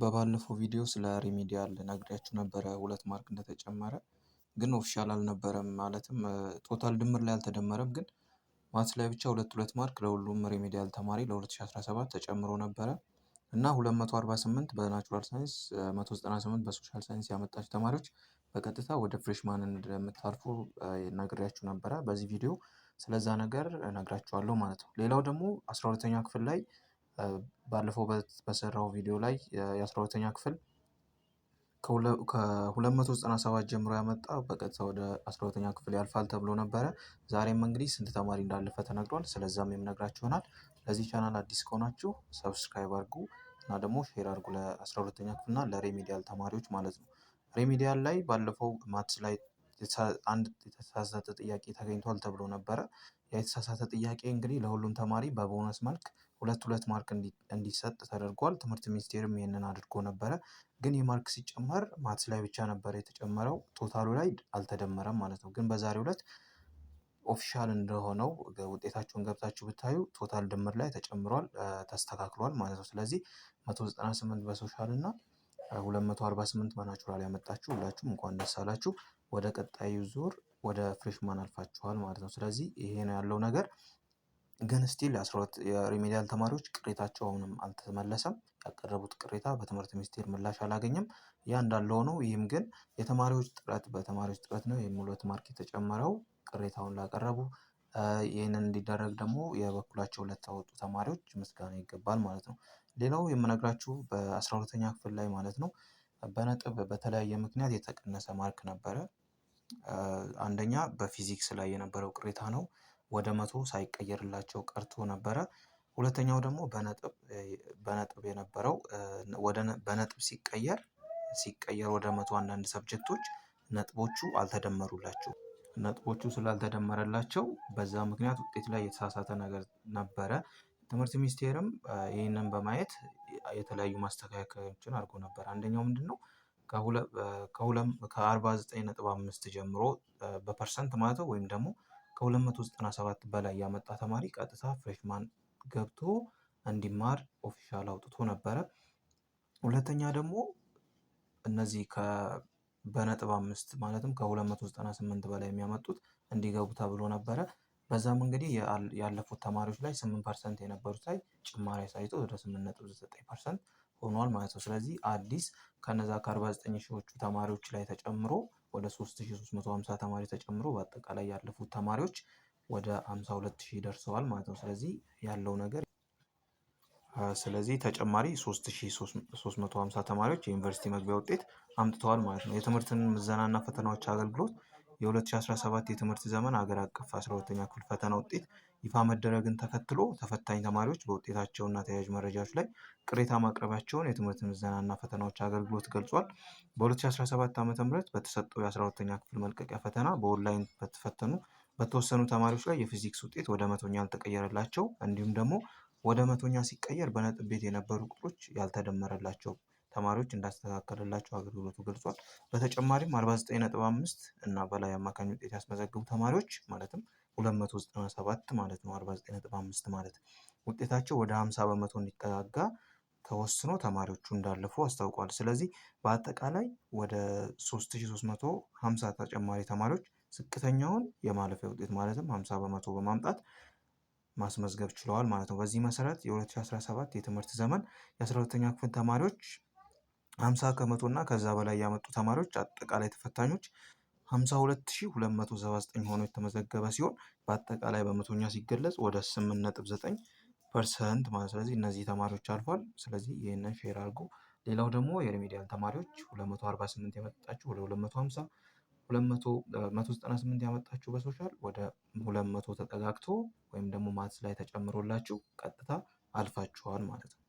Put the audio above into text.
በባለፈው ቪዲዮ ስለ ሪሚዲያል ነግሬያችሁ ነበረ ሁለት ማርክ እንደተጨመረ ግን ኦፊሻል አልነበረም። ማለትም ቶታል ድምር ላይ አልተደመረም። ግን ማት ላይ ብቻ ሁለት ሁለት ማርክ ለሁሉም ሪሚዲያል ተማሪ ለ2017 ተጨምሮ ነበረ እና 248 በናቹራል ሳይንስ 198 በሶሻል ሳይንስ ያመጣችሁ ተማሪዎች በቀጥታ ወደ ፍሬሽማን እንደምታልፉ ነግሬያችሁ ነበረ። በዚህ ቪዲዮ ስለዛ ነገር ነግራችኋለሁ ማለት ነው። ሌላው ደግሞ 12ኛ ክፍል ላይ ባለፈው በሰራው ቪዲዮ ላይ 12 ሁለተኛ ክፍል ከ297 ጀምሮ ያመጣ በቀጥታ ወደ 12ኛ ክፍል ያልፋል ተብሎ ነበረ። ዛሬም እንግዲህ ስንት ተማሪ እንዳለፈ ተነግሯል። ስለዛም የምነግራችሁ ይሆናል። ለዚህ ቻናል አዲስ ከሆናችሁ ሰብስክራይብ አድርጉ እና ደግሞ ሼር አድርጉ ለ12ኛ ክፍል እና ለሬሜዲያል ተማሪዎች ማለት ነው። ሬሜዲያል ላይ ባለፈው ማትስ ላይ አንድ የተሳሳተ ጥያቄ ተገኝቷል ተብሎ ነበረ። የተሳሳተ ጥያቄ እንግዲህ ለሁሉም ተማሪ በቦነስ መልክ ሁለት ሁለት ማርክ እንዲሰጥ ተደርጓል ትምህርት ሚኒስቴርም ይህንን አድርጎ ነበረ። ግን ይህ ማርክ ሲጨመር ማትስ ላይ ብቻ ነበረ የተጨመረው ቶታሉ ላይ አልተደመረም ማለት ነው። ግን በዛሬው እለት ኦፊሻል እንደሆነው ውጤታችሁን ገብታችሁ ብታዩ ቶታል ድምር ላይ ተጨምሯል ተስተካክሏል ማለት ነው። ስለዚህ መቶ ዘጠና ስምንት በሶሻል እና ሁለት መቶ አርባ ስምንት በናቹራል ያመጣችሁ ሁላችሁም እንኳን ደስ አላችሁ። ወደ ቀጣዩ ዙር ወደ ፍሬሽማን አልፋችኋል ማለት ነው። ስለዚህ ይሄ ነው ያለው ነገር። ግን ስቲል የ የሪሜዲያል ተማሪዎች ቅሬታቸው አሁንም አልተመለሰም። ያቀረቡት ቅሬታ በትምህርት ሚኒስቴር ምላሽ አላገኘም። ያ እንዳለው ነው። ይህም ግን የተማሪዎች ጥረት በተማሪዎች ጥረት ነው የሚል ሁለት ማርክ የተጨመረው ቅሬታውን ላቀረቡ ይህንን እንዲደረግ ደግሞ የበኩላቸው ለተወጡ ተማሪዎች ምስጋና ይገባል ማለት ነው። ሌላው የምነግራችሁ በአስራ ሁለተኛ ክፍል ላይ ማለት ነው በነጥብ በተለያየ ምክንያት የተቀነሰ ማርክ ነበረ። አንደኛ በፊዚክስ ላይ የነበረው ቅሬታ ነው ወደ መቶ ሳይቀየርላቸው ቀርቶ ነበረ። ሁለተኛው ደግሞ በነጥብ የነበረው በነጥብ ሲቀየር ሲቀየር ወደ መቶ አንዳንድ ሰብጀክቶች ነጥቦቹ አልተደመሩላቸው ነጥቦቹ ስላልተደመረላቸው በዛ ምክንያት ውጤት ላይ የተሳሳተ ነገር ነበረ። ትምህርት ሚኒስቴርም ይህንን በማየት የተለያዩ ማስተካከያዎችን አድርጎ ነበር። አንደኛው ምንድነው ከ49.5 ጀምሮ በፐርሰንት ማለት ነው ወይም ደግሞ ከ297 በላይ ያመጣ ተማሪ ቀጥታ ፍሬሽማን ገብቶ እንዲማር ኦፊሻል አውጥቶ ነበረ። ሁለተኛ ደግሞ እነዚህ በነጥብ አምስት ማለትም ከ298 በላይ የሚያመጡት እንዲገቡ ተብሎ ነበረ። በዛም እንግዲህ ያለፉት ተማሪዎች ላይ 8 ፐርሰንት የነበሩት ላይ ጭማሪ አሳይቶ ወደ 8.9 ፐርሰንት ሆኗል ማለት ነው። ስለዚህ አዲስ ከነዛ ከ49 ሺዎቹ ተማሪዎች ላይ ተጨምሮ ወደ 3350 ተማሪ ተጨምሮ በአጠቃላይ ያለፉት ተማሪዎች ወደ 52 ሺህ ደርሰዋል ማለት ነው። ስለዚህ ያለው ነገር ስለዚህ ተጨማሪ 3350 ተማሪዎች የዩኒቨርሲቲ መግቢያ ውጤት አምጥተዋል ማለት ነው። የትምህርትን ምዘናና ፈተናዎች አገልግሎት የ2017 የትምህርት ዘመን አገር አቀፍ 12ኛ ክፍል ፈተና ውጤት ይፋ መደረግን ተከትሎ ተፈታኝ ተማሪዎች በውጤታቸውና ተያያዥ መረጃዎች ላይ ቅሬታ ማቅረባቸውን የትምህርት ምዘናና ፈተናዎች አገልግሎት ገልጿል። በ2017 ዓ ም በተሰጠው የ12ኛ ክፍል መልቀቂያ ፈተና በኦንላይን በተፈተኑ በተወሰኑ ተማሪዎች ላይ የፊዚክስ ውጤት ወደ መቶኛ ያልተቀየረላቸው እንዲሁም ደግሞ ወደ መቶኛ ሲቀየር በነጥብ ቤት የነበሩ ቁጥሮች ያልተደመረላቸው ተማሪዎች እንዳስተካከለላቸው አገልግሎቱ ገልጿል። በተጨማሪም 49.5 እና በላይ አማካኝ ውጤት ያስመዘግቡ ተማሪዎች ማለትም 297 ማለት ነው 49.5 ማለት ውጤታቸው ወደ 50 በመቶ እንዲጠጋጋ ተወስኖ ተማሪዎቹ እንዳለፉ አስታውቋል። ስለዚህ በአጠቃላይ ወደ 3350 ተጨማሪ ተማሪዎች ዝቅተኛውን የማለፊያ ውጤት ማለትም 50 በመቶ በማምጣት ማስመዝገብ ችለዋል ማለት ነው። በዚህ መሰረት የ2017 የትምህርት ዘመን የ12ኛ ክፍል ተማሪዎች 50 ከመቶ እና ከዛ በላይ ያመጡ ተማሪዎች አጠቃላይ ተፈታኞች 52279 ሆኖ የተመዘገበ ሲሆን በአጠቃላይ በመቶኛ ሲገለጽ ወደ 8.9 ፐርሰንት ማለት ስለዚህ እነዚህ ተማሪዎች አልፏል። ስለዚህ ይህንን ሼር አድርጉ። ሌላው ደግሞ የሪሚዲያል ተማሪዎች 248 ያመጣችሁ ወደ 250 298 ያመጣችሁ በሶሻል ወደ 200 ተጠጋግቶ ወይም ደግሞ ማትስ ላይ ተጨምሮላችሁ ቀጥታ አልፋችኋል ማለት ነው።